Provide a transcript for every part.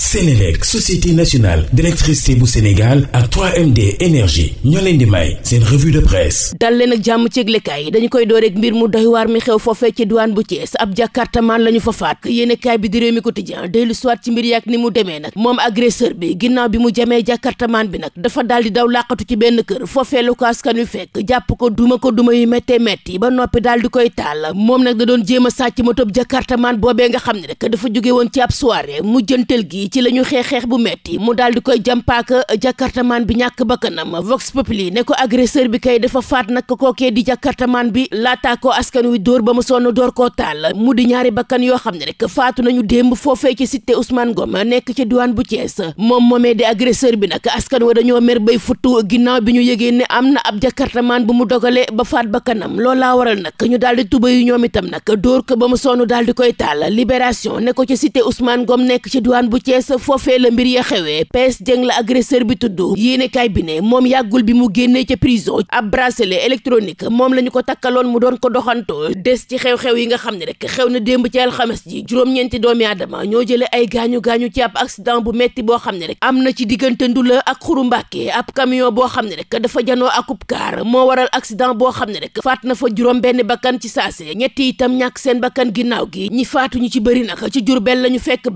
Sénélec société nationale d'électricité bu Sénégal ak 3MD énergie ñoo leen di may seen revue de presse dal leen ak jàmm ci yëglekaay dañu koy door ak mbir mu doy waar mi xew foofee ci diwaan bu Thiès ab jàkkaartamaan la ñu fa faat yéenekaay bi di Rewmi Quotidien dellu soit ci mbir yaak ni mu demee nag moom agresseur bi ginnaaw bi mu jamee jàkkaartamaan bi nag dafa daal di daw làqatu ci benn kër foofee lu ko askan wi fekk jàpp ko duma ko duma yu méttee métti ba noppi daal di koy taal moom nag da doon jéem a sàcc motob jàkkaartamaan boobee nga xam ne rek dafa jóge woon ci ab soirée mu gi yi ci la ñu xeex xeex bu metti mu daal di koy jàmpaaka jakartamaan bi ñàkk bakkanam vox populi ne ko agresseur bi kay dafa faat nag kookee di jakartamaan bi laataa ko askan wi dóor ba mu sonn door koo taal mu di ñaari bakkan yoo xam ne rek faatu nañu démb foofee ci cité Ousmane Ngom nekk ci diwaan bu Thiès moom moomee di agresseur bi nag askan wa dañoo mer bay futtu ginnaaw bi ñu yëgee ne am na ab jakartamaan bu mu ba faat bakkanam loolaa waral nag ñu daal di tuba yu ñoom itam nag dóor ko ba mu sonn daal di koy taal libération ne ko ci cité Ousmane Ngom nekk ci diwaan bu Thiès Thiès foofee la mbir ya xewee PS Dieng la agresseur bi tudd yéenekaay bi ne moom yàggul bi mu génnee ca prison ab bracelet électronique moom la ñu ko takkaloon mu doon ko doxantoo des ci xew-xew yi nga xam ne rek xew na démb ci alxames ji juróom-ñeenti doomi aadama ñoo jële ay gaañu-gaañu ci ab accident bu metti boo xam ne rek am na ci diggante Ndula ak Xuru Mbàkke ab camion boo xam ne rek dafa janoo ak kaar moo waral accident boo xam ne rek faat na fa juróom benn bakkan ci saase ñàkk seen bakkan ginnaaw gi ñi faatu ci bëri nag ci Jurbel la ñu fekk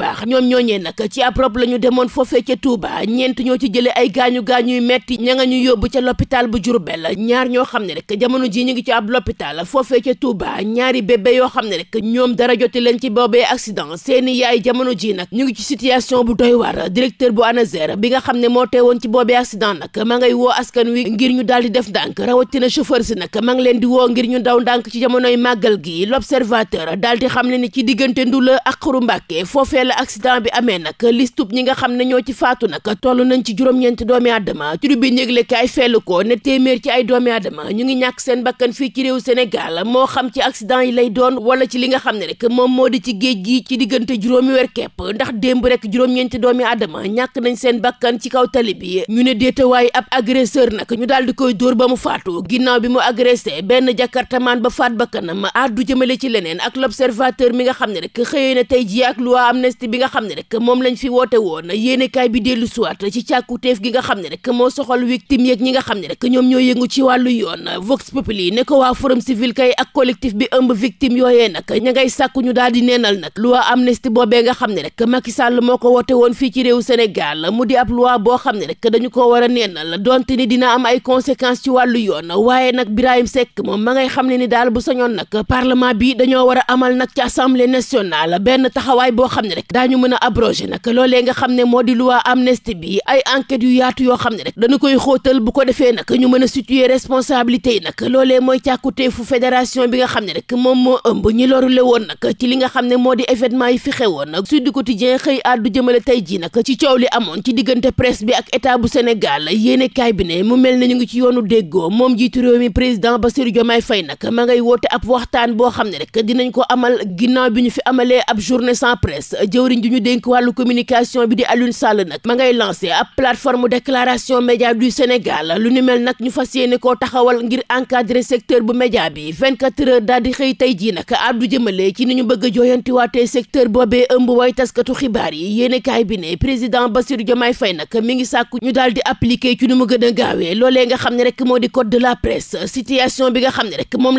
ci ab rob la ñu demoon foofee ca Touba ñeent ñoo ci jëlee ay gaañu gaañuy metti ña nga ñu yóbbu ca l'hôpital bu Diourbel ñaar ñoo xam ne rek jamono ji ñu ngi ci ab l'hôpital foofee ca Touba ñaari bébé yoo xam ne rek ñoom dara joti leen ci boobee accident seeni yaay jamono ji nag ñu ngi ci situation bu doy waar directeur bu ANASER bi nga xam ne moo teewoon ci boobee accident nag ma ngay woo askan wi ngir ñu daal di def ndànk rawatina chauffeur si nag ma ngi leen di woo ngir ñu daw ndànk ci jamonoy màggal gi l'observateur daal di xam ne ni ci diggante Ndoulo ak Xuru Mbàkke foofee la bi amee nag nag listub nga xam ne ñoo ci faatu nag toll nañ ci juróom-ñeenti doomi aadama ci bi yëglekaay fell ko ne téeméer ci ay doomi aadama ñu ngi ñàkk seen bakkan fii ci réew Sénégal moo xam ci accident yi lay doon wala ci li nga xam ne rek moom moo di ci géej gi ci diggante juróomi weer kepp ndax démb rek juróom-ñeenti doomi aadama ñàkk nañ seen bakkan ci kaw tali bi ñu ne déetawaay ab agresseur nag ñu daal di koy dóor ba mu faatoo ginnaaw bi mu agressé benn jakartamaan ba faat bakkanam addu jëmale ci leneen ak l'observateur mi nga xam ne rek xëyee na tey ji ak loi amnistie bi nga xam ne rek moom moom lañ fi woote woon yéenekaay bi dellu siwaat ci càkku teef gi nga xam ne rek moo soxal victime yeeg ñi nga xam ne rek ñoom ñoo yëngu ci wàllu yoon Vox Populi ne ko waa Forum sivil kay ak collectif bi ëmb victime yooyee nag ña ngay sàkku ñu daal di neenal nag loi amnistie boobee nga xam ne rek Macky moo ko woote woon fii ci réew Sénégal mu di ab loi boo xam ne rek dañu ko war a la donte ni dina am ay conséquences ci wàllu yoon waaye nag Birahim Seck moom ma xam ne ni daal bu sañoon nag parlement bi dañoo war a amal nag ci assemblée nationale benn taxawaay boo xam ne rek daañu mën a abrogé nag loolee nga xam ne moo di loi amnistie bi ay enquêtes yu yaatu yoo xam ne rek dañu koy xóotal bu ko defee nag ñu mën a situer responsabilité yi nag loolee mooy càkkutee fu fédération bi nga xam ne rek moom moo ëmb ñi lorule woon nag ci li nga xam ne moo di événement yi fi xewoon nag Sud Quotidien xëy àddu jëmale tey jii nag ci coow li amoon ci diggante presse bi ak état bu Sénégal yéene kaay bi ne mu mel ne ñu ngi ci yoonu déggoo moom jiitu réew mi président Bassirou Diomaye Faye nag ma ngay woote ab waxtaan boo xam ne rek dinañ ko amal ginnaaw bi ñu fi amalee ab journée sans presse jëwriñ ju ñu dénk wàllu communication bi di Alioune Sall nag ma ngay lancé ab plateforme déclaration média du Sénégal lu ni mel nag ñu fas yéene koo taxawal ngir encadrer secteur bu média bi 24 xëy tey jii nag addu jëmale ci ni bëgg a jooyantiwaatee secteur boobee ëmb way taskatu xibaar yi yéenekaay bi ne président Bassirou Diomaye Faye nag mi ngi sàkku ñu daal di ci nu mu gën a gaawee loolee nga xam ne rek moo di code de la presse situation bi nga xam ne rek moom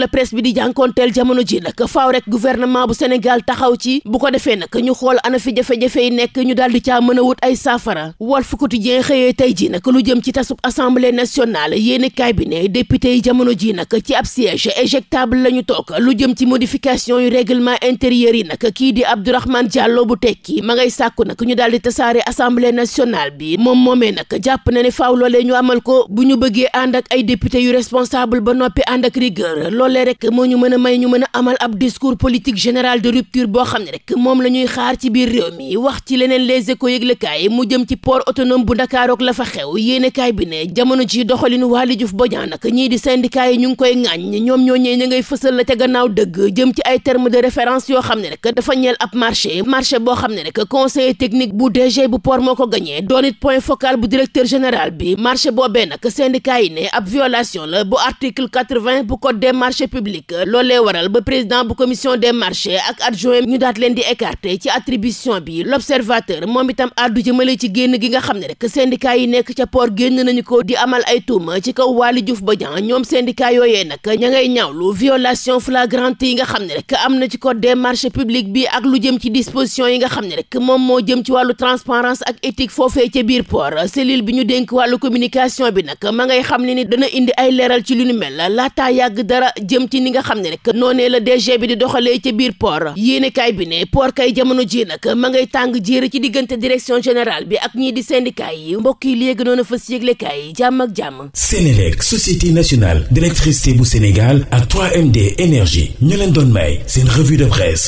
rek ñu daal di caa mën a wut ay saafara Walf Quotidien xëyee tey ji nag lu jëm ci tasub assemblée nationale yéeni cabinet député yi jamono ji nag ci ab siège éjectable la ñu toog lu jëm ci modification yu règlement intérieur yi nag kii di Abdourahmane Diallo bu tekki ma ngay sàkku nag ñu daal di tasaare assemblée national bi moom moomee nag jàpp na ne faaw loolee ñu amal ko bu ñu bëggee ànd ak ay député yu responsable ba noppi ànd ak rigueur loolee rek moo ñu mën a may ñu mën a amal ab discours politique général de rupture boo xam ne rek moom la ñuy xaar ci biir deneen les échos yëglekaay mu jëm ci port autonome bu Ndakaarook la fa xew yéenekaay bi ne jamono ji doxalinu Waly Diouf Bodian nag ñii di syndicat yi ñu ngi koy ŋàññ ñoom ñoo ñee ña ngay fësal la ca gannaaw dëgg jëm ci ay terme de référence yoo xam ne rek dafa ñeel ab marché marché boo xam ne rek conseiller technique bu DG bu port moo ko gañee doon it point focal bu directeur général bi marché boobee nag syndicat yi ne ab violation la bu article 80 bu code des marchés publics loolee waral ba président bu commission des marchés ak adjoint ñu daat leen di écarter ci attribution bi l'observateur moom itam àddu jëmale ci génn gi nga xam ne rek syndicat yi nekk ca port génn nañu ko di amal ay tuuma ci kaw Waly Diouf Bodian ñoom syndicat yooyee nag ña ngay ñaawlu violation flagrante yi nga xam ne rek am na ci code des marchés bi ak lu jëm ci disposition yi nga xam ne rek moom moo jëm ci wàllu transparence ak éthique foofee ca biir port cellule bi ñu dénk wàllu communication bi nag ma ngay xam ne ni dana indi ay leeral ci lu ñu mel xam ne la DG bi di doxalee ca biir port yéenekaay jër ci diggante direction générale bi ak ñii di syndicat yi mbokk yi léegi noonu fas yëglekaay yi jàmm ak jàmm Sénélec société nationale d'électricité bu Sénégal a 3 d énergie ñu leen doon may seen revue de presse